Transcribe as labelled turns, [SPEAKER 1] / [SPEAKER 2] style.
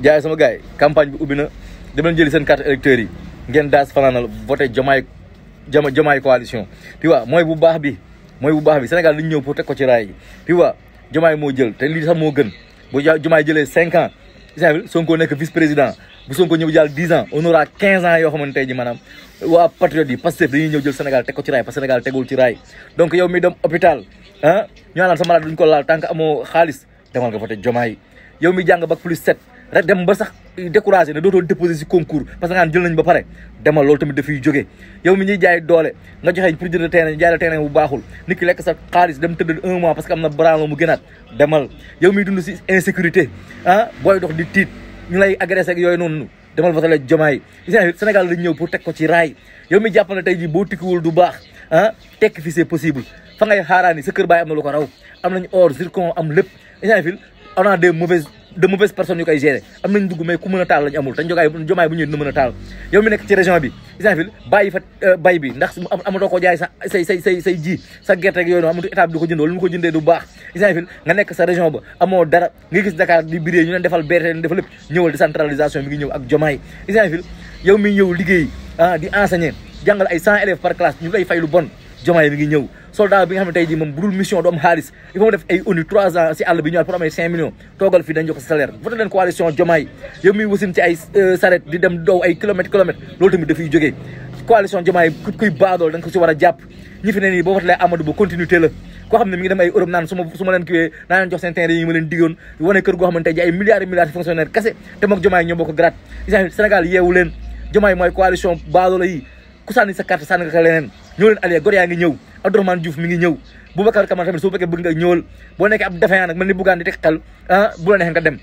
[SPEAKER 1] jaay sama gars yi campagne bi ubbi na dem leen jëli seen carte électeurs yi ngeen daas fanaanal voté jomaay jama jomaay coalition tu vois mooy bu baax bi mooy bu baax bi Sénégal li ñu ñëw pour teg ko ci raay yi tu jomaay moo jël te lii sax moo gën bu jomaay jëlee cinq ans isnvil Sonko nekk vice président bu Sonko ñëw jàll dix ans on aura quinze ans yoo xamante ji maanaam waa patriote yi Pastef dañuy ñëw jël Sénégal teg ko ci raay parce que Sénégal tegul ci raay yow mi dem hôpital ah ñu naan sa malade duñ ko amoo xaalis demal nga voté yow mi jàng bac plus sept rek dem ba sax découragé ne dootoo déposé si concours parce que nañ ba pare demal loolu tamit dafay jógee yow mi ñuy jaay doole nga joxe pour terrain jaay la bu baaxul nit lekk sa xaalis dem tëdd un mois parce am na branlo mu gënaat demal yow miy dund si insécurité ah, booy dox di tiit ñu lay agressé ak yooyu noonu demal ba tale jomaay Sénégal lañ ñëw pour teg ko ci raay yow mi jàpp ne tey jii boo tikkiwul du baax ah tekk fi c'est possible fa ngay xaaraan ni sa kër baay am na lu ko raw am nañ or zircon am lépp instant fil on a des mauvaises de mauvaise personne yu koy gérer am nañ dugg mais ku mën a taal amul te jogaay jomaay bu ñëwee dina mën a taal yow mi nekk ci région bi Isanville bàyyi fa euh, bay bi ndax amatoo ko jaay sa say say say say ji sa gerte ak yooyu noonu amatu ko jënd wala lu ko jëndee du baax Isanville nga nekk sa région ba amoo dara nga gis Dakar di biree ñu leen defal berte ñu defal lépp ñëwal décentralisation ngi ñëw ak jomaay Isanville yow mi ñëw liggéey ah di enseigner jàngal ay cent élèves par classe ñu lay fay lu bon jomaay mi ngi mission du am il faut mu def ay ONU trois ans si àll bi ñëwaat pour amee cinq millions toogal fii dañ jox salaire voté leen coalition jomaay kuy baadool da si war a jàpp ñi fi ne nii boo voté Amadou Ba continuité la xam ne mi ngi dem ay Europe naan su leen kiwee naa leen jox seen terrain yi ma diggoon wane kër goo xam ne ay milliards et milliards fonctionnaire kase te mook jomaay ñoo bokk grade Sénégal yeewu leen ñoo leen allié gor yaa ngi ñëw an Diouf mi ngi ñëw Boubacar Camara tamit soo bëggee bëgg nga ñëwal boo nekkee ab defeyaan nag man ni buggaan di teg xel ah bu la neexee nga dem